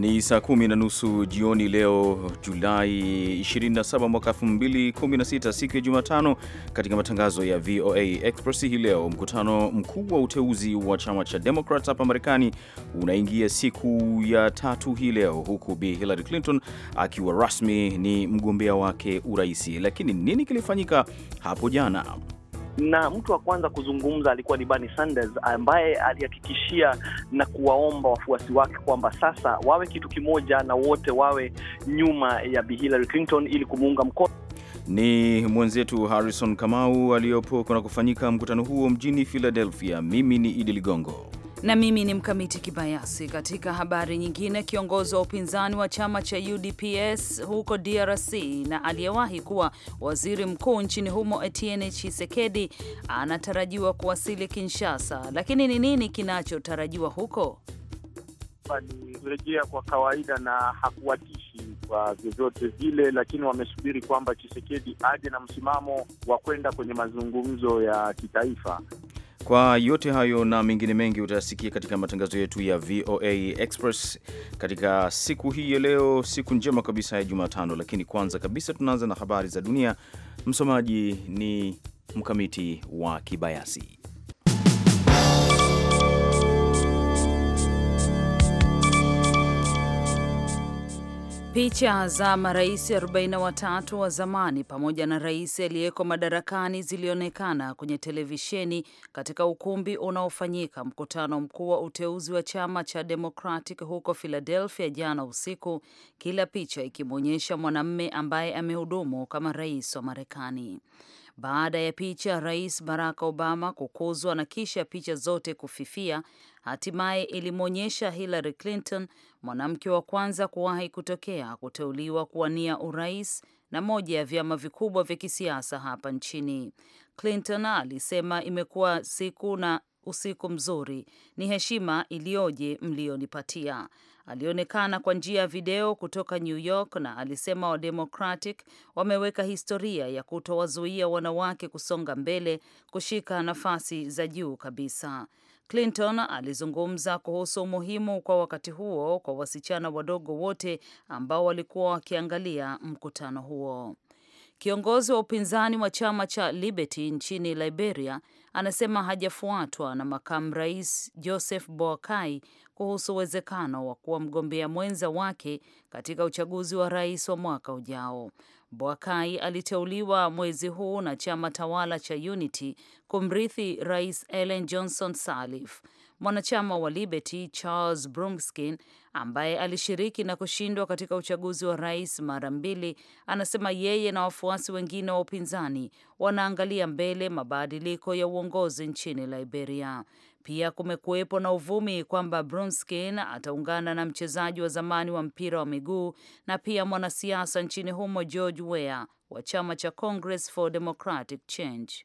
Ni saa kumi na nusu jioni leo Julai 27 mwaka 2016, siku ya Jumatano. Katika matangazo ya VOA Express hii leo, mkutano mkuu wa uteuzi wa chama cha Democrats hapa Marekani unaingia siku ya tatu hii leo, huku Bi Hillary Clinton akiwa rasmi ni mgombea wake uraisi. Lakini nini kilifanyika hapo jana? na mtu wa kwanza kuzungumza alikuwa ni Bernie Sanders ambaye alihakikishia na kuwaomba wafuasi wake kwamba sasa wawe kitu kimoja na wote wawe nyuma ya Bi Hillary Clinton ili kumuunga mkono. Ni mwenzetu Harrison Kamau aliyopo kuna kufanyika mkutano huo mjini Philadelphia. Mimi ni Idi Ligongo na mimi ni Mkamiti Kibayasi. Katika habari nyingine, kiongozi wa upinzani wa chama cha UDPS huko DRC na aliyewahi kuwa waziri mkuu nchini humo Etienne chisekedi anatarajiwa kuwasili Kinshasa, lakini ni nini kinachotarajiwa huko? Alirejea kwa kawaida na hakuwatishi kwa vyovyote vile, lakini wamesubiri kwamba chisekedi aje na msimamo wa kwenda kwenye mazungumzo ya kitaifa. Kwa yote hayo na mengine mengi utayasikia katika matangazo yetu ya VOA Express katika siku hii ya leo, siku njema kabisa ya Jumatano. Lakini kwanza kabisa tunaanza na habari za dunia. Msomaji ni Mkamiti wa Kibayasi. Picha za marais 43 wa zamani pamoja na rais aliyeko madarakani zilionekana kwenye televisheni katika ukumbi unaofanyika mkutano mkuu wa uteuzi wa chama cha Democratic huko Philadelphia jana usiku, kila picha ikimwonyesha mwanamme ambaye amehudumu kama rais wa Marekani. Baada ya picha Rais Barack Obama kukuzwa na kisha picha zote kufifia, Hatimaye ilimwonyesha Hillary Clinton, mwanamke wa kwanza kuwahi kutokea kuteuliwa kuwania urais na moja ya vyama vikubwa vya kisiasa hapa nchini. Clinton alisema imekuwa siku na usiku mzuri, ni heshima iliyoje mliyonipatia. Alionekana kwa njia ya video kutoka New York na alisema Wademocratic wameweka historia ya kutowazuia wanawake kusonga mbele kushika nafasi za juu kabisa. Clinton alizungumza kuhusu umuhimu kwa wakati huo kwa wasichana wadogo wote ambao walikuwa wakiangalia mkutano huo. Kiongozi wa upinzani wa chama cha Liberty nchini Liberia anasema hajafuatwa na makamu rais Joseph Boakai kuhusu uwezekano wa kuwa mgombea mwenza wake katika uchaguzi wa rais wa mwaka ujao. Boakai aliteuliwa mwezi huu na chama tawala cha Unity kumrithi Rais Ellen Johnson Sirleaf. Mwanachama wa Liberty Charles Brumskin ambaye alishiriki na kushindwa katika uchaguzi wa rais mara mbili, anasema yeye na wafuasi wengine wa upinzani wanaangalia mbele mabadiliko ya uongozi nchini Liberia. Pia kumekuwepo na uvumi kwamba Brunskin ataungana na mchezaji wa zamani wa mpira wa miguu na pia mwanasiasa nchini humo George Weah wa chama cha Congress for Democratic Change.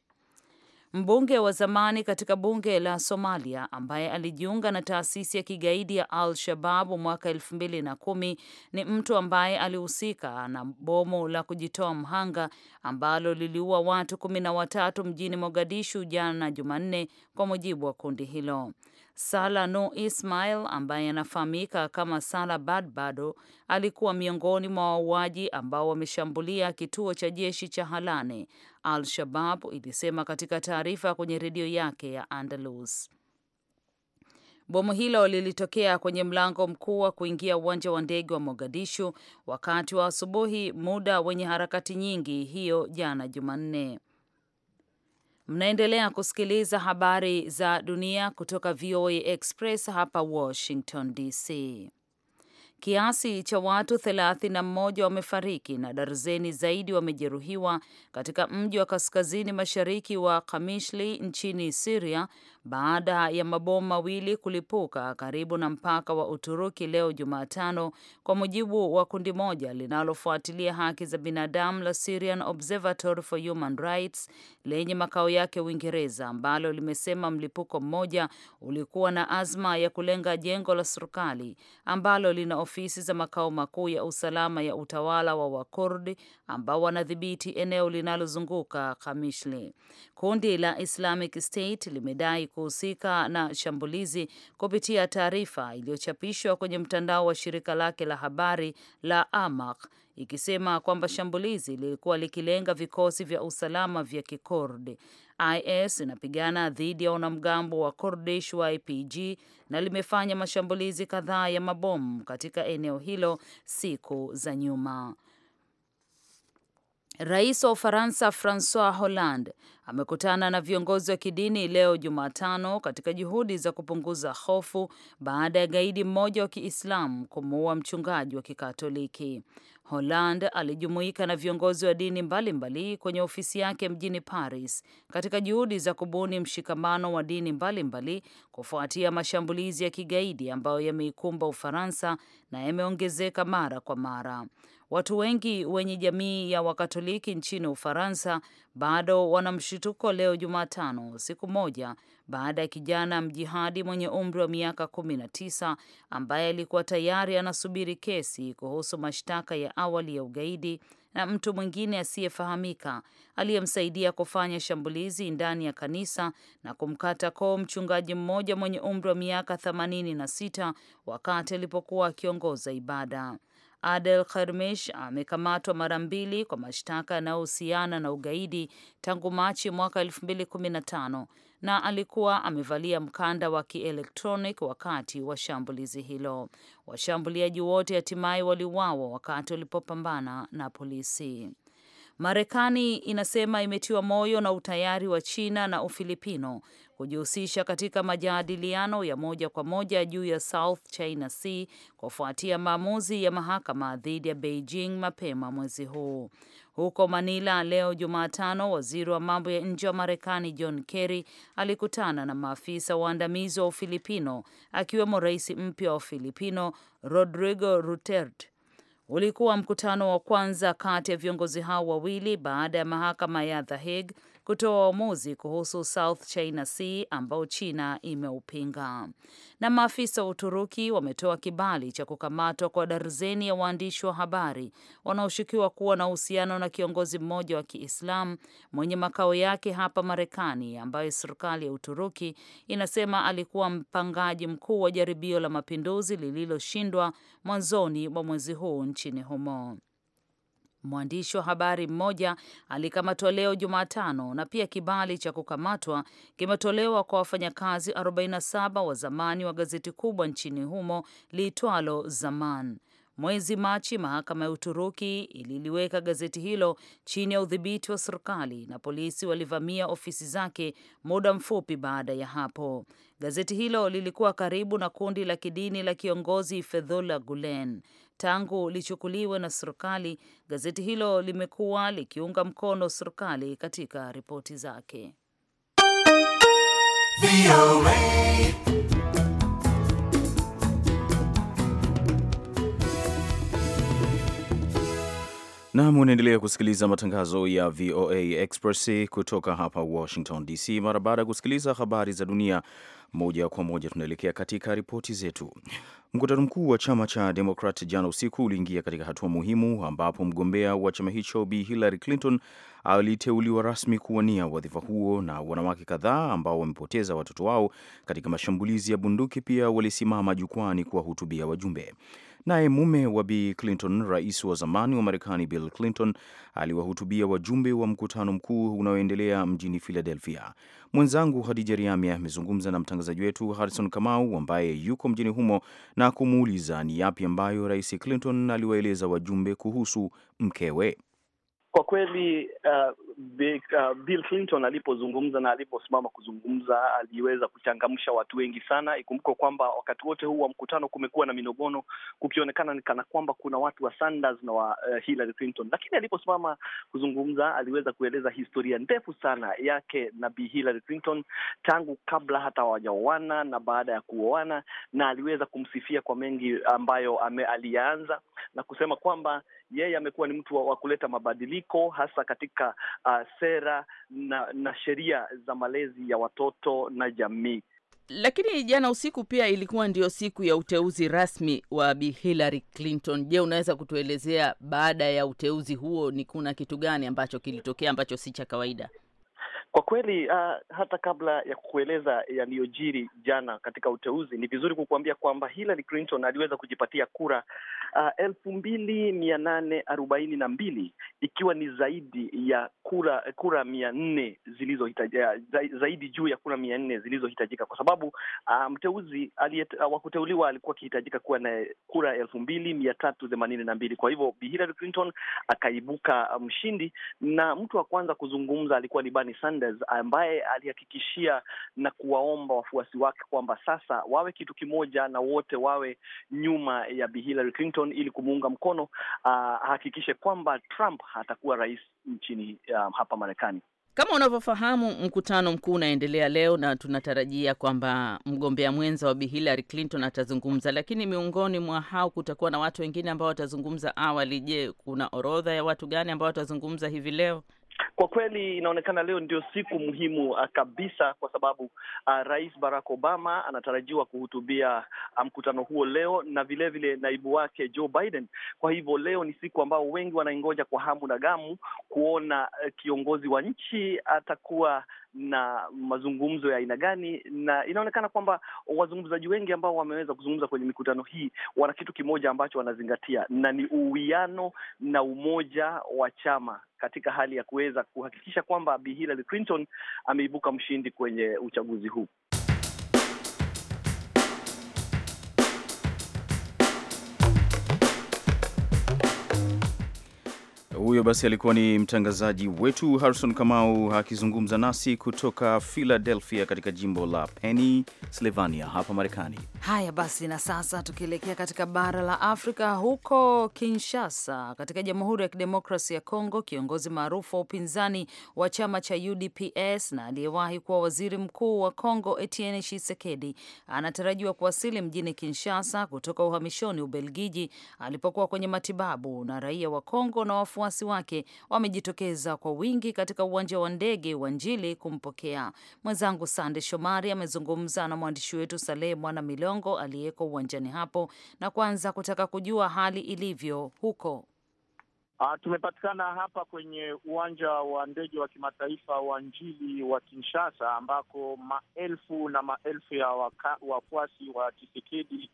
Mbunge wa zamani katika bunge la Somalia ambaye alijiunga na taasisi ya kigaidi ya Al Shababu mwaka elfu mbili na kumi ni mtu ambaye alihusika na bomu la kujitoa mhanga ambalo liliua watu kumi na watatu mjini Mogadishu jana Jumanne, kwa mujibu wa kundi hilo. Sala No Ismail ambaye anafahamika kama Sala Badbado alikuwa miongoni mwa wauaji ambao wameshambulia kituo cha jeshi cha Halane, Al-Shabab ilisema katika taarifa kwenye redio yake ya Andalus. Bomu hilo lilitokea kwenye mlango mkuu wa kuingia uwanja wa ndege wa Mogadishu wakati wa asubuhi, muda wenye harakati nyingi hiyo jana Jumanne. Mnaendelea kusikiliza habari za dunia kutoka VOA Express hapa Washington DC. Kiasi cha watu 31 wamefariki na darzeni zaidi wamejeruhiwa katika mji wa kaskazini mashariki wa kamishli nchini Syria baada ya mabomu mawili kulipuka karibu na mpaka wa Uturuki leo Jumatano, kwa mujibu wa kundi moja linalofuatilia haki za binadamu la Syrian Observatory for Human Rights lenye makao yake Uingereza, ambalo limesema mlipuko mmoja ulikuwa na azma ya kulenga jengo la serikali ambalo lina ofisi za makao makuu ya usalama ya utawala wa Wakurdi ambao wanadhibiti eneo linalozunguka Kamishli. Kundi la Islamic State limedai kuhusika na shambulizi kupitia taarifa iliyochapishwa kwenye mtandao wa shirika lake la habari la Amaq ikisema kwamba shambulizi lilikuwa likilenga vikosi vya usalama vya Kikurdi IS inapigana dhidi ya wanamgambo wa Kurdish wa YPG na limefanya mashambulizi kadhaa ya mabomu katika eneo hilo siku za nyuma. Rais wa Ufaransa Francois Hollande amekutana na viongozi wa kidini leo Jumatano katika juhudi za kupunguza hofu baada ya gaidi mmoja wa Kiislamu kumuua mchungaji wa Kikatoliki. holand alijumuika na viongozi wa dini mbalimbali mbali kwenye ofisi yake mjini Paris katika juhudi za kubuni mshikamano wa dini mbalimbali mbali kufuatia mashambulizi ya kigaidi ambayo yameikumba Ufaransa na yameongezeka mara kwa mara. Watu wengi wenye jamii ya Wakatoliki nchini Ufaransa bado wana mshituko leo Jumatano, siku moja baada ya kijana mjihadi mwenye umri wa miaka kumi na tisa ambaye alikuwa tayari anasubiri kesi kuhusu mashtaka ya awali ya ugaidi na mtu mwingine asiyefahamika aliyemsaidia kufanya shambulizi ndani ya kanisa na kumkata koo mchungaji mmoja mwenye umri wa miaka themanini na sita wakati alipokuwa akiongoza ibada. Adel Khermish amekamatwa mara mbili kwa mashtaka yanayohusiana na ugaidi tangu Machi mwaka 2015 na alikuwa amevalia mkanda wa kielektronic wakati wa shambulizi hilo. Washambuliaji wote hatimaye waliuawa wakati walipopambana na polisi. Marekani inasema imetiwa moyo na utayari wa China na Ufilipino kujihusisha katika majadiliano ya moja kwa moja juu ya South China Sea kufuatia maamuzi ya mahakama dhidi ya Beijing mapema mwezi huu. Huko Manila leo Jumatano, waziri wa mambo ya nje wa Marekani John Kerry alikutana na maafisa waandamizi wa Ufilipino akiwemo rais mpya wa Ufilipino Rodrigo Duterte Ulikuwa mkutano wa kwanza kati ya viongozi hao wawili baada ya mahakama ya The Hague kutoa uamuzi kuhusu South China Sea ambao China imeupinga. Na maafisa wa Uturuki wametoa kibali cha kukamatwa kwa darzeni ya waandishi wa habari wanaoshukiwa kuwa na uhusiano na kiongozi mmoja wa Kiislamu mwenye makao yake hapa Marekani, ambayo serikali ya Uturuki inasema alikuwa mpangaji mkuu wa jaribio la mapinduzi lililoshindwa mwanzoni mwa mwezi huu nchini humo. Mwandishi wa habari mmoja alikamatwa leo Jumatano, na pia kibali cha kukamatwa kimetolewa kwa wafanyakazi 47 wa zamani wa gazeti kubwa nchini humo liitwalo Zaman. Mwezi Machi, mahakama ya Uturuki ililiweka gazeti hilo chini ya udhibiti wa serikali na polisi walivamia ofisi zake muda mfupi baada ya hapo. Gazeti hilo lilikuwa karibu na kundi la kidini la kiongozi Fethullah Gulen. Tangu lichukuliwe na serikali, gazeti hilo limekuwa likiunga mkono serikali katika ripoti zake. Nam, unaendelea kusikiliza matangazo ya VOA Express kutoka hapa Washington DC. Mara baada ya kusikiliza habari za dunia moja kwa moja, tunaelekea katika ripoti zetu. Mkutano mkuu wa chama cha Demokrat jana usiku uliingia katika hatua muhimu, ambapo mgombea wa chama hicho Bi Hillary Clinton aliteuliwa rasmi kuwania wadhifa huo, na wanawake kadhaa ambao wamepoteza watoto wao katika mashambulizi ya bunduki pia walisimama jukwani kuwahutubia wajumbe. Naye mume wa Bi Clinton, rais wa zamani wa Marekani Bill Clinton, aliwahutubia wajumbe wa mkutano mkuu unaoendelea mjini Philadelphia. Mwenzangu Hadija Riami amezungumza na mtangazaji wetu Harrison Kamau ambaye yuko mjini humo na kumuuliza ni yapi ambayo Rais Clinton aliwaeleza wajumbe kuhusu mkewe. Kwa kweli uh, Uh, Bill Clinton alipozungumza na aliposimama kuzungumza aliweza kuchangamsha watu wengi sana. Ikumbukwe kwamba wakati wote huu wa mkutano kumekuwa na minogono, kukionekana ni kana kwamba kuna watu wa Sanders na wa uh, Hillary Clinton, lakini aliposimama kuzungumza aliweza kueleza historia ndefu sana yake na Bi Hillary Clinton tangu kabla hata hawajaoana na baada ya kuoana, na aliweza kumsifia kwa mengi ambayo ame aliyaanza na kusema kwamba yeye amekuwa ni mtu wa, wa kuleta mabadiliko hasa katika uh, sera na, na sheria za malezi ya watoto na jamii. Lakini jana usiku pia ilikuwa ndio siku ya uteuzi rasmi wa Bi Hillary Clinton. Je, unaweza kutuelezea baada ya uteuzi huo ni kuna kitu gani ambacho kilitokea ambacho si cha kawaida? Kwa kweli uh, hata kabla ya kukueleza yaliyojiri jana katika uteuzi, ni vizuri kukuambia kwamba Hillary Clinton aliweza kujipatia kura uh, elfu mbili mia nane arobaini na mbili ikiwa ni zaidi ya kura kura mia nne zilizohitajika ah, zaidi juu ya kura mia nne zilizohitajika, kwa sababu uh, mteuzi uh, wa kuteuliwa alikuwa akihitajika kuwa na kura elfu mbili mia tatu themanini na mbili. Kwa hivyo Hillary Clinton akaibuka mshindi, na mtu wa kwanza kuzungumza alikuwa ni Bernie Sanders Sanders ambaye alihakikishia na kuwaomba wafuasi wake kwamba sasa wawe kitu kimoja na wote wawe nyuma ya Bi Hillary Clinton ili kumuunga mkono ah, ahakikishe kwamba Trump hatakuwa rais nchini um, hapa Marekani. Kama unavyofahamu mkutano mkuu unaendelea leo na tunatarajia kwamba mgombea mwenza wa Bi Hillary Clinton atazungumza, lakini miongoni mwa hao kutakuwa na watu wengine ambao watazungumza awali. Je, kuna orodha ya watu gani ambao watazungumza hivi leo kwa kweli inaonekana leo ndio siku muhimu uh, kabisa, kwa sababu uh, Rais Barack Obama anatarajiwa kuhutubia uh, mkutano huo leo na vilevile vile naibu wake Joe Biden. Kwa hivyo leo ni siku ambao wengi wanaingoja kwa hamu na gamu kuona uh, kiongozi wa nchi atakuwa na mazungumzo ya aina gani, na inaonekana kwamba wazungumzaji wengi ambao wameweza kuzungumza kwenye mikutano hii wana kitu kimoja ambacho wanazingatia, na ni uwiano na umoja wa chama katika hali ya kuweza kuhakikisha kwamba Bi Hillary Clinton ameibuka mshindi kwenye uchaguzi huu. Huyo basi alikuwa ni mtangazaji wetu Harrison Kamau akizungumza nasi kutoka Philadelphia katika jimbo la Pennsylvania hapa Marekani. Haya basi, na sasa tukielekea katika bara la Afrika, huko Kinshasa katika Jamhuri ya Kidemokrasi ya Kongo, kiongozi maarufu wa upinzani wa chama cha UDPS na aliyewahi kuwa waziri mkuu wa Kongo Etienne Tshisekedi anatarajiwa kuwasili mjini Kinshasa kutoka uhamishoni Ubelgiji alipokuwa kwenye matibabu, na raia wa Kongo na wafuasi wafuasi wake wamejitokeza kwa wingi katika uwanja wa ndege wa Njili kumpokea. Mwenzangu Sande Shomari amezungumza na mwandishi wetu Salehe Mwana Milongo aliyeko uwanjani hapo na kwanza kutaka kujua hali ilivyo huko. Uh, tumepatikana hapa kwenye uwanja wa ndege wa kimataifa wa Njili wa Kinshasa ambako maelfu na maelfu ya waka, wafuasi wa Tshisekedi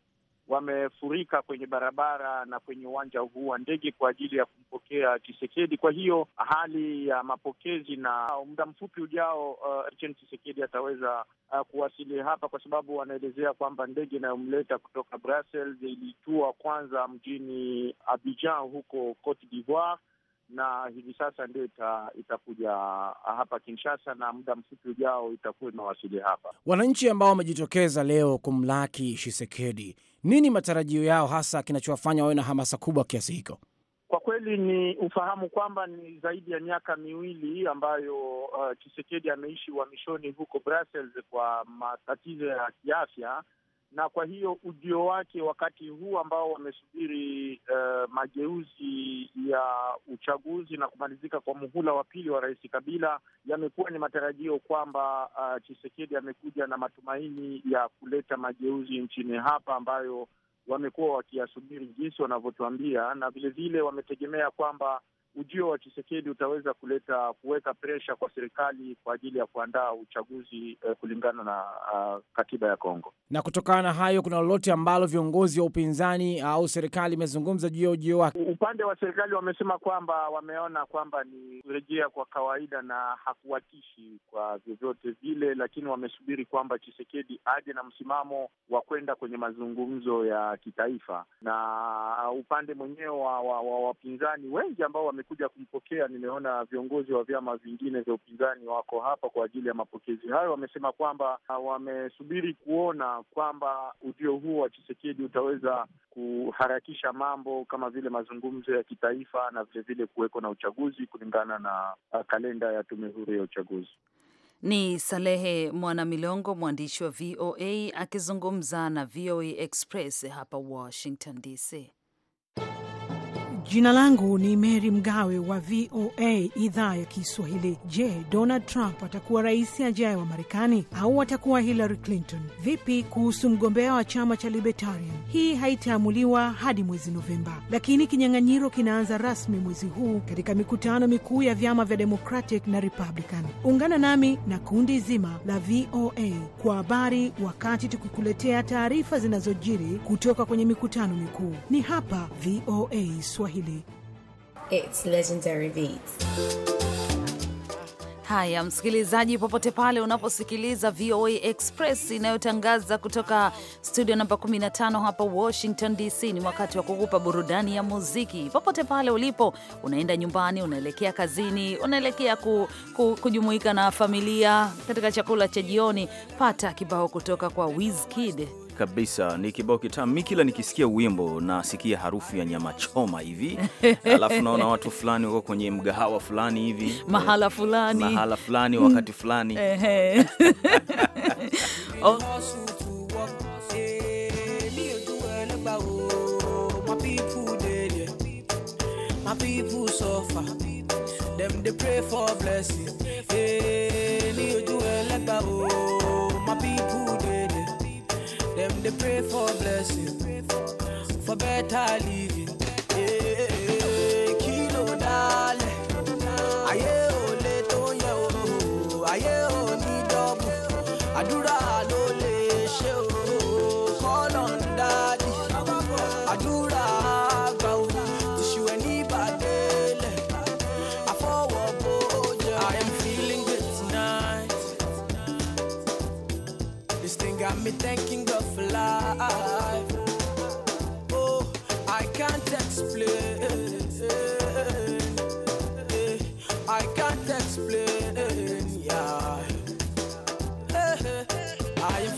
wamefurika kwenye barabara na kwenye uwanja huu wa ndege kwa ajili ya kumpokea chisekedi Kwa hiyo hali ya mapokezi na muda mfupi ujao, uh, Chisekedi ataweza uh, kuwasili hapa, kwa sababu wanaelezea kwamba ndege inayomleta kutoka Brussels ilitua kwanza mjini Abidjan huko Cote d'Ivoire na hivi sasa ndio ita, itakuja uh, hapa Kinshasa na muda mfupi ujao itakuwa imewasili hapa. Wananchi ambao wamejitokeza leo kumlaki Shisekedi, nini matarajio yao hasa kinachowafanya wawe na hamasa kubwa kiasi hiko? Kwa kweli ni ufahamu kwamba ni zaidi ya miaka miwili ambayo uh, ameishi uhamishoni huko Brussels kwa matatizo ya kiafya na kwa hiyo ujio wake wakati huu ambao wamesubiri uh, mageuzi ya uchaguzi na kumalizika kwa muhula wa pili wa Rais Kabila yamekuwa ni matarajio kwamba uh, eh, Chisekedi amekuja na matumaini ya kuleta mageuzi nchini hapa ambayo wamekuwa wakiyasubiri jinsi wanavyotuambia, na vilevile wametegemea kwamba ujio wa Chisekedi utaweza kuleta kuweka presha kwa serikali kwa ajili ya kuandaa uchaguzi eh, kulingana na uh, katiba ya Kongo. Na kutokana na hayo, kuna lolote ambalo viongozi wa upinzani ah, au serikali imezungumza juu ya ujio wake? Upande wa serikali wamesema kwamba wameona kwamba ni kurejea kwa kawaida na hakuwatishi kwa vyovyote vile, lakini wamesubiri kwamba Chisekedi aje na msimamo wa kwenda kwenye mazungumzo ya kitaifa, na ah, upande mwenyewe wa wapinzani wa, wa wengi ambao wame nilikuja kumpokea, nimeona viongozi wa vyama vingine vya upinzani wako hapa kwa ajili ya mapokezi hayo. Wamesema kwamba ah, wamesubiri kuona kwamba ujio huo wa Chisekedi utaweza kuharakisha mambo kama vile mazungumzo ya kitaifa na vilevile kuweko na uchaguzi kulingana na ah, kalenda ya tume huru ya uchaguzi. Ni Salehe Mwanamilongo, mwandishi wa VOA akizungumza na VOA Express hapa Washington DC. Jina langu ni Mary Mgawe wa VOA idhaa ya Kiswahili. Je, Donald Trump atakuwa rais ajaye wa Marekani au atakuwa Hillary Clinton? Vipi kuhusu mgombea wa chama cha Libertarian? Hii haitaamuliwa hadi mwezi Novemba, lakini kinyang'anyiro kinaanza rasmi mwezi huu katika mikutano mikuu ya vyama vya Democratic na Republican. Ungana nami na kundi zima la VOA kwa habari, wakati tukikuletea taarifa zinazojiri kutoka kwenye mikutano mikuu. Ni hapa VOA Swahili. Kiswahili. It's legendary beats. Haya, msikilizaji, popote pale unaposikiliza VOA Express inayotangaza kutoka studio namba 15 hapa Washington DC, ni wakati wa kukupa burudani ya muziki popote pale ulipo. Unaenda nyumbani, unaelekea kazini, unaelekea ku, ku, kujumuika na familia katika chakula cha jioni, pata kibao kutoka kwa Wizkid kabisa ni kibao kitamu. Mi kila nikisikia wimbo nasikia harufu ya nyama choma hivi, alafu naona watu fulani wako kwenye mgahawa fulani hivi mahala fulani mahala fulani wakati fulani oh. Them they pray for blessing, for better living. Hey, kilo dale, aye. Ah,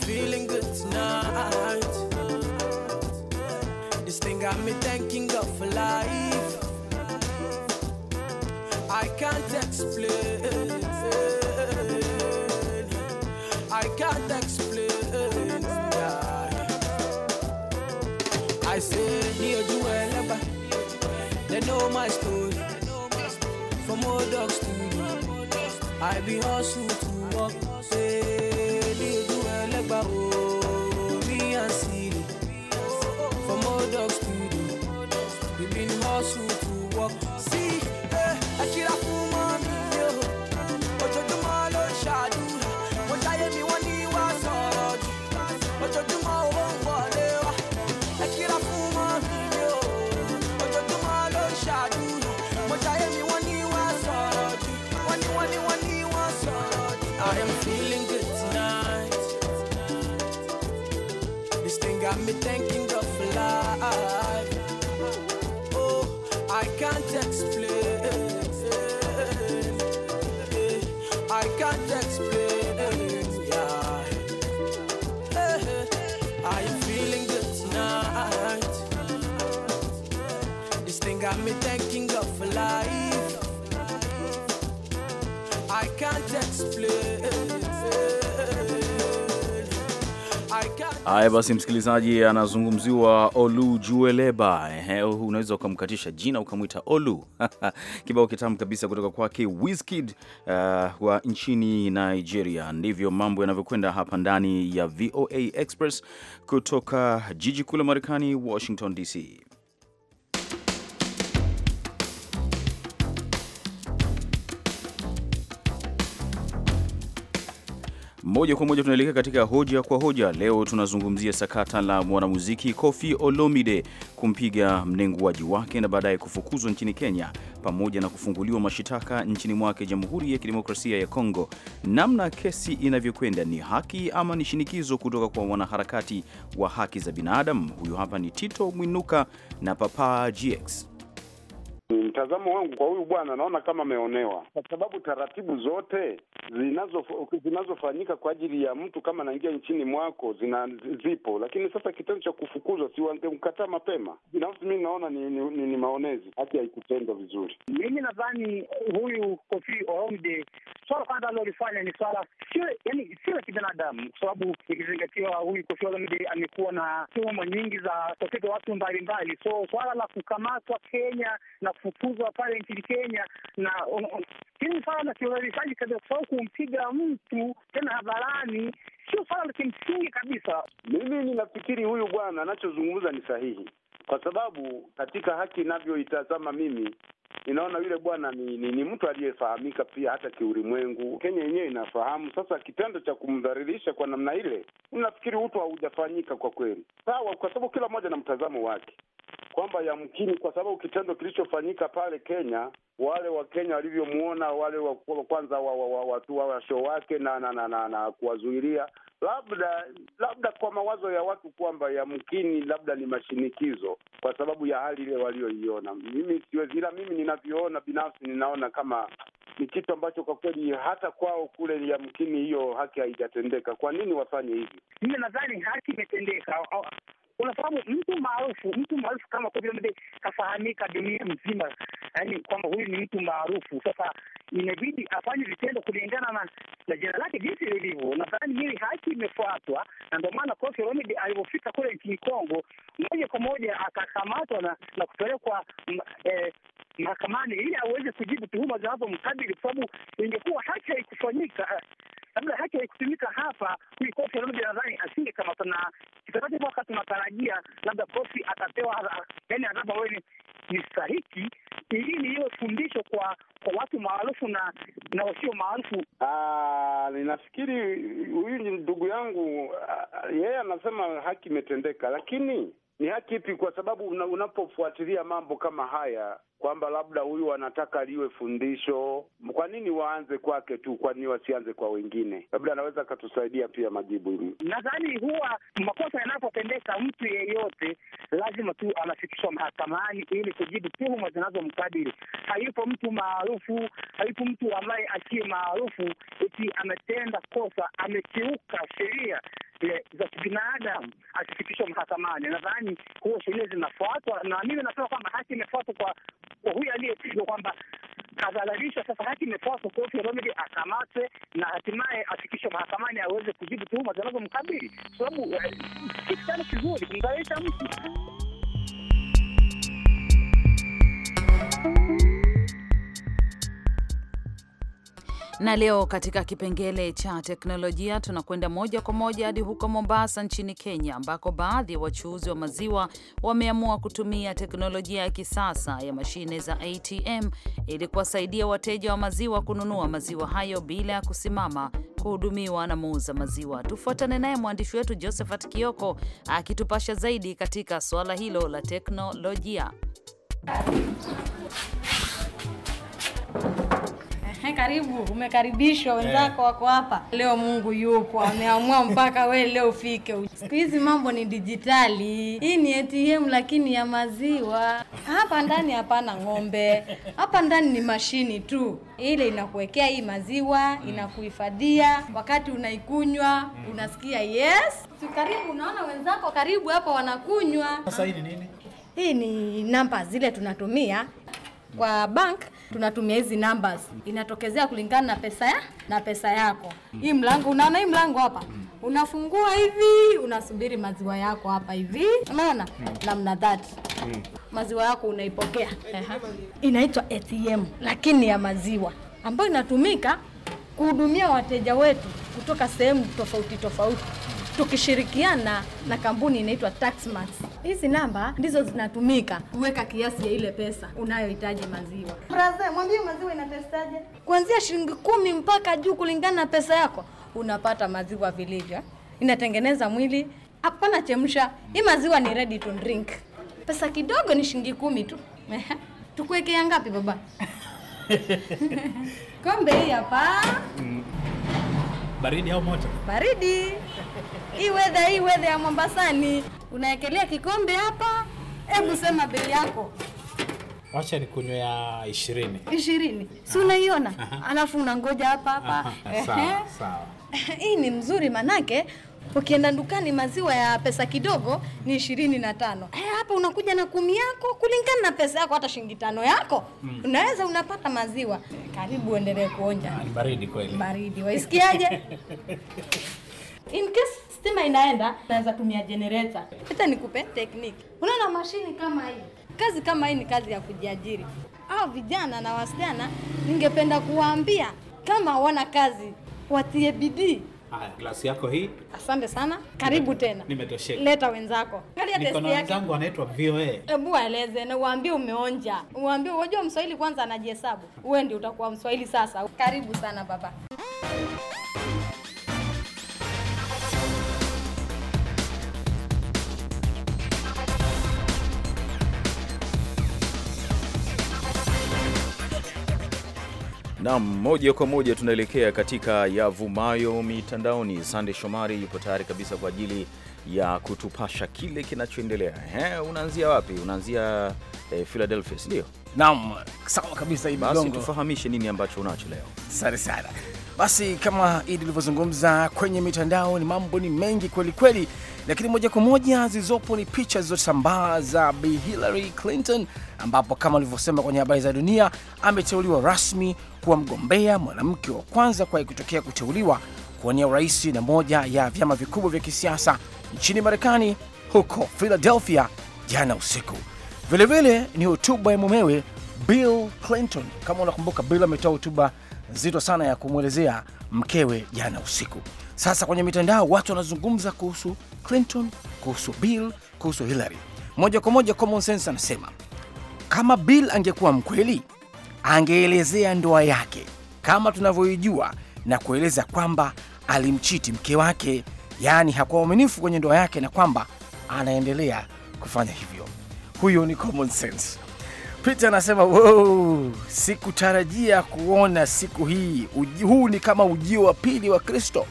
feeling good tonight. This thing got me thanking God for life. I can't explain. I can't explain. I say, Dear Juelaba, they know my story. From old dogs to you, I be hustled to walk gbagba ooo me and siri for modoc we been hustle to walk. see eh akira fún mọ́ mi yó ojoojúmọ́ ló ń ṣàdúrà mo ṣayé mi wọ́n ní wá sọ̀rọ̀ jù ojoojúmọ́ owó ń wọlé wá akira fún mọ́ mi yó ojoojúmọ́ ló ń ṣàdúrà mo ṣayé mi wọ́n ní wá sọ̀rọ̀ jù wọ́n got me thinking Haya basi, msikilizaji, anazungumziwa Olu Jueleba. Ehe, unaweza ukamkatisha jina ukamwita Olu kibao kitamu kabisa kutoka kwake Wizkid uh, wa nchini Nigeria. Ndivyo mambo yanavyokwenda hapa ndani ya VOA Express kutoka jiji kuu la Marekani, Washington DC. Moja kwa moja tunaelekea katika hoja kwa hoja. Leo tunazungumzia sakata la mwanamuziki Kofi Olomide kumpiga mnenguaji wake na baadaye kufukuzwa nchini Kenya, pamoja na kufunguliwa mashitaka nchini mwake Jamhuri ya Kidemokrasia ya Kongo. Namna kesi inavyokwenda, ni haki ama ni shinikizo kutoka kwa wanaharakati wa haki za binadamu? Huyu hapa ni Tito Mwinuka na Papa GX. Mtazamo wangu kwa huyu bwana, naona kama ameonewa, kwa sababu taratibu zote zinazo zinazofanyika kwa ajili ya mtu kama anaingia nchini mwako zina zipo, lakini sasa kitendo cha kufukuzwa, si wangemkataa mapema? Binafsi mimi naona ni, ni, ni, ni maonezi, haki haikutendwa vizuri. Mimi nadhani huyu Kofi Olomide, swala kwanza alilolifanya ni swala yani, sio la kibinadamu, kwa sababu ikizingatiwa huyu Kofi Olomide amekuwa na tuhuma nyingi za kuwateka watu mbalimbali, so swala la kukamatwa Kenya na anafukuzwa pale nchini Kenya na hili swala la kidhalilishaji katika kumpiga mtu tena hadharani sio swala la kimsingi kabisa. Mimi ninafikiri huyu bwana anachozungumza ni sahihi, kwa sababu katika haki inavyoitazama mimi, inaona yule bwana ni, ni, ni mtu aliyefahamika pia hata kiulimwengu. Kenya yenyewe inafahamu. Sasa kitendo cha kumdhalilisha kwa namna ile, nafikiri utu haujafanyika kwa kweli. Sawa, kwa sababu kila mmoja na mtazamo wake, kwamba yamkini, kwa sababu kitendo kilichofanyika pale Kenya, wale wa Kenya walivyomuona wale wa kwanza wa, wa, wa, watu wa show wake na na, na, na, na kuwazuilia labda labda kwa mawazo ya watu kwamba yamkini labda ni mashinikizo kwa sababu ya hali ile walioiona. Mimi siwezi, ila mimi ninavyoona binafsi, ninaona kama ni kitu ambacho kwa kweli hata kwao kule yamkini hiyo haki haijatendeka. Kwa nini wafanye hivi? Mimi nadhani haki imetendeka. Unafahamu, mtu maarufu mtu maarufu kama kwa vile kafahamika dunia mzima, yani kwamba huyu ni mtu maarufu. Sasa imebidi afanye vitendo kulingana na, na jina lake jinsi lilivyo. Nadhani hili haki imefuatwa, na ndio maana Koffi Olomide alivyofika kule nchini Kongo moja kwa moja akakamatwa na, na kupelekwa mm, eh, mahakamani ili aweze kujibu tuhuma za hapo mkabili, kwa sababu ingekuwa haki haikufanyika eh, labda haki haikutumika hapa, huyu Kofi Olomide nadhani asingekamatwa, na kitakacho mwaka tunatarajia labda Kofi atapewa yaani adhabu ambayo ni stahiki, ili iwe fundisho kwa kwa watu maarufu na na wasio maarufu? Ah, ninafikiri huyu ni ndugu yangu ah, ah, yeye, anasema haki imetendeka, lakini ni haki ipi? Kwa sababu una, unapofuatilia mambo kama haya kwamba labda huyu anataka liwe fundisho, kwa nini waanze kwake tu? Kwa nini wasianze kwa wengine? Labda anaweza akatusaidia pia majibu hili. Nadhani huwa makosa yanapopendeka mtu yeyote lazima tu anafikishwa mahakamani ili kujibu tuhuma zinazomkabili. Hayupo mtu maarufu, hayupo mtu ambaye asiye maarufu eti ametenda kosa, amekiuka sheria Eh, za kibinadamu akifikishwa mahakamani. Nadhani huo sheria zinafuatwa, na mimi nasema kwamba haki imefuatwa kwa huyu aliyepigwa, kwamba kadhalalisha sasa, haki imefuatwa. Koti ya Olomide akamatwe na hatimaye afikishwe mahakamani aweze kujibu tuhuma zinazomkabili, kwa sababu kitu eh, kitendo kizuri kumdhalilisha mtu. Na leo katika kipengele cha teknolojia tunakwenda moja kwa moja hadi huko Mombasa nchini Kenya, ambako baadhi ya wachuuzi wa maziwa wameamua kutumia teknolojia ya kisasa ya mashine za ATM ili kuwasaidia wateja wa maziwa kununua maziwa hayo bila ya kusimama kuhudumiwa na muuza maziwa. Tufuatane naye mwandishi wetu Josephat Kioko akitupasha zaidi katika suala hilo la teknolojia. He, eh, karibu, umekaribishwa wenzako yeah, wako hapa leo. Mungu yupo ameamua mpaka we leo ufike. Siku hizi mambo ni dijitali. Hii ni ATM lakini ya maziwa. Hapa ndani hapana ng'ombe, hapa ndani ni mashini tu, ile inakuwekea hii maziwa mm, inakuhifadhia wakati unaikunywa mm, unasikia yes. Karibu, unaona wenzako karibu hapa wanakunywa. Sasa hii ni nini? Hii ni namba zile tunatumia kwa bank tunatumia hizi numbers, inatokezea kulingana na pesa ya na pesa yako. Hii mlango, unaona hii mlango hapa, unafungua hivi, unasubiri maziwa yako hapa hivi, unaona hmm. namna that hmm. maziwa yako unaipokea. Inaitwa ATM lakini ya maziwa ambayo inatumika kuhudumia wateja wetu kutoka sehemu tofauti tofauti, tukishirikiana na kampuni inaitwa Taxmax. Hizi namba ndizo zinatumika kuweka kiasi ya ile pesa unayohitaji maziwa. Braze, mwambie maziwa inapestaje? Kuanzia shilingi kumi mpaka juu, kulingana na pesa yako unapata maziwa vilivyo, inatengeneza mwili, hapana chemsha. Hii maziwa ni ready to drink, pesa kidogo, ni shilingi kumi tu. Tukuwekea ngapi baba? Kombe hii hapa. Mm. Baridi au moto? Baridi. Hii weather, hii weather ya Mombasani unaekelea kikombe hapa. Hebu sema bei yako. Wacha nikunywe ya ishirini ishirini, si unaiona? Alafu unangoja hapa hapa. Sawa sawa. Hii ni mzuri manake ukienda dukani maziwa ya pesa kidogo ni ishirini na tano. Eh, hapa unakuja na kumi yako kulingana na pesa yako, hata shilingi tano yako mm. unaweza unapata maziwa. Karibu uendelee kuonja. Ah, baridi kweli, baridi waisikiaje? In case stima inaenda, naweza tumia generator. Hata nikupe technique. Unaona mashini kama hii, kazi kama hii ni kazi ya kujiajiri. Hao vijana na wasichana, ningependa kuwaambia kama wana kazi watie bidii. Haya, glasi yako hii. Asante sana. Karibu Nime, tena. Nimetosheka. Leta wenzako. Angalia testi yake. Niko anaitwa VOA. Hebu aeleze na uambie umeonja. Uambie unajua Mswahili kwanza anajihesabu. Wewe ndio utakuwa Mswahili sasa. Karibu sana baba. Naam, moja kwa moja tunaelekea katika yavumayo mitandaoni. Sande Shomari yupo tayari kabisa kwa ajili ya kutupasha kile kinachoendelea. unaanzia wapi? Unaanzia eh, Philadelphia, sindio? Naam, sawa kabisa. Basi tufahamishe nini ambacho unacho leo. Sare sana. Basi kama Idi ilivyozungumza kwenye mitandao, ni mambo ni mengi kweli kweli, lakini moja kwa moja zilizopo ni picha zilizosambaa za Bi Hillary Clinton, ambapo kama alivyosema kwenye habari za dunia ameteuliwa rasmi kuwa mgombea mwanamke wa kwanza kwa kutokea kuteuliwa kuwania urais na moja ya vyama vikubwa vya kisiasa nchini Marekani huko Philadelphia jana usiku. Vilevile ni hotuba ya mumewe Bill Clinton. Kama unakumbuka, Bill ametoa hotuba nzito sana ya kumwelezea mkewe jana usiku. Sasa kwenye mitandao watu wanazungumza kuhusu Clinton, kuhusu Bill, kuhusu Hillary. Moja kwa moja, common sense anasema kama Bill angekuwa mkweli, angeelezea ndoa yake kama tunavyoijua na kueleza kwamba alimchiti mke wake, yaani hakuwa uaminifu kwenye ndoa yake na kwamba anaendelea kufanya hivyo. Huyo ni common sense. Peter anasema wow, sikutarajia kuona siku hii. Uji, huu ni kama ujio wa pili wa Kristo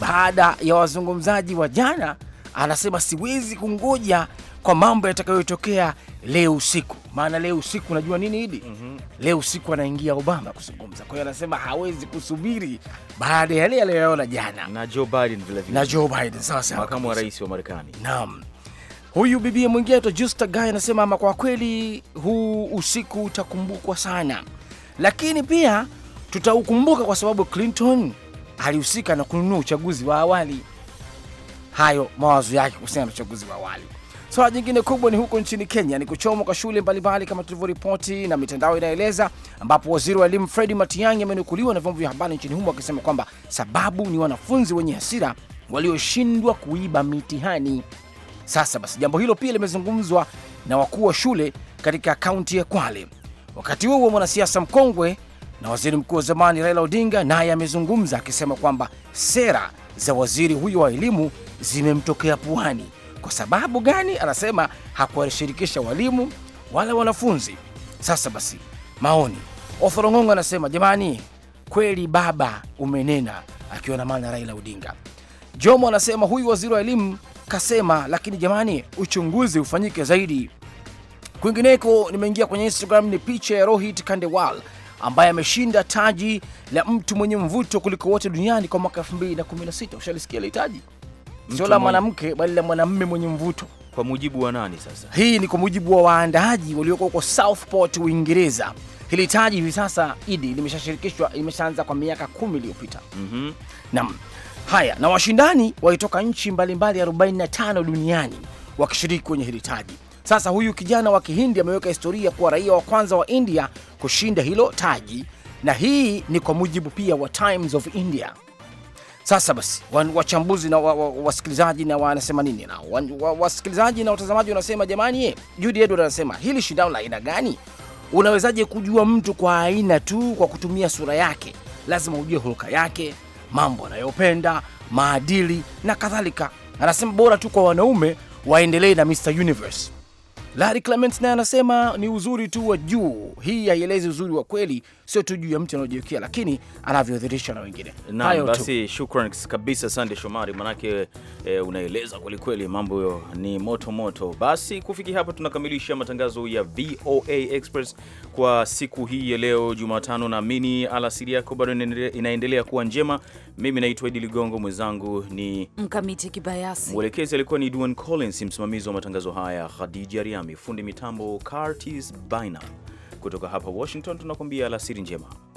baada ya wazungumzaji wa jana. Anasema siwezi kungoja kwa mambo yatakayotokea leo usiku. Maana leo usiku unajua nini idi? mm -hmm. Leo usiku anaingia Obama kuzungumza, kwa hiyo anasema hawezi kusubiri baada ya yale aliyoyaona jana na Joe Biden, vile vile na Joe Biden, sawa sawa, makamu wa rais wa Marekani. Naam. Huyu bibia mwingine aitwa Justa Guy anasema ama, kwa kweli huu usiku utakumbukwa sana, lakini pia tutaukumbuka kwa sababu Clinton alihusika na kununua uchaguzi wa awali. Hayo mawazo yake kuhusiana na uchaguzi wa awali. Swala so, jingine kubwa ni huko nchini Kenya ni kuchomwa kwa shule mbalimbali kama tulivyoripoti na mitandao inaeleza, ambapo waziri wa elimu Fredi Matiang'i amenukuliwa na vyombo vya habari nchini humo akisema kwamba sababu ni wanafunzi wenye hasira walioshindwa kuiba mitihani. Sasa basi, jambo hilo pia limezungumzwa na wakuu wa shule katika kaunti ya Kwale. Wakati huo huo, mwanasiasa mkongwe na waziri mkuu wa zamani Raila Odinga naye amezungumza akisema kwamba sera za waziri huyo wa elimu zimemtokea puani. Kwa sababu gani? Anasema hakuwashirikisha walimu wala wanafunzi. Sasa basi, maoni Oforongongo anasema jamani, kweli baba umenena, akiwa na maana Raila Odinga. Jomo anasema huyu waziri wa elimu kasema, lakini jamani, uchunguzi ufanyike zaidi. Kwingineko, nimeingia kwenye Instagram, ni picha ya Rohit Kandewal ambaye ameshinda taji la mtu mwenye mvuto kuliko wote duniani kwa mwaka 2016. Ushalisikia ile taji? sio la mwanamke bali la mwanamume mwenye mvuto. Kwa mujibu wa nani sasa? Hii ni kwa mujibu wa waandaaji waliokuwa huko Southport, Uingereza. Hili taji hivi sasa idi limeshashirikishwa, limeshaanza kwa miaka kumi iliyopita. mm -hmm. Naam, haya na washindani walitoka nchi mbalimbali 45 duniani wakishiriki kwenye hili taji. Sasa huyu kijana wa Kihindi ameweka historia kuwa raia wa kwanza wa India kushinda hilo taji, na hii ni kwa mujibu pia wa Times of India. Sasa basi wachambuzi na wa, wa, wasikilizaji na wanasema nini? Na wa, wa, wasikilizaji na watazamaji wanasema jamani, eh, Judy Edward anasema hili shindano la aina gani? Unawezaje kujua mtu kwa aina tu kwa kutumia sura yake? Lazima ujue hulka yake, mambo anayopenda, maadili na kadhalika. Anasema bora tu kwa wanaume waendelee na Mr Universe Larry Clements naye anasema ni uzuri tu wa juu. Hii haielezi uzuri wa kweli, sio tu juu ya mtu anaojiwekea, lakini anavyodhirisha na wengine. Naam, basi shukran kabisa, Sande Shomari, manake e, unaeleza kwelikweli, mambo ni moto moto. Basi kufikia hapa tunakamilisha matangazo ya VOA Express kwa siku hii ya leo Jumatano. Naamini alasiri yako bado inaendelea kuwa njema mimi naitwa Idi Ligongo, mwenzangu ni Mkamiti Kibayasi, mwelekezi alikuwa ni Duan Collins, msimamizi wa matangazo haya Khadija Riami, fundi mitambo Curtis bina Kutoka hapa Washington tunakuambia alasiri njema.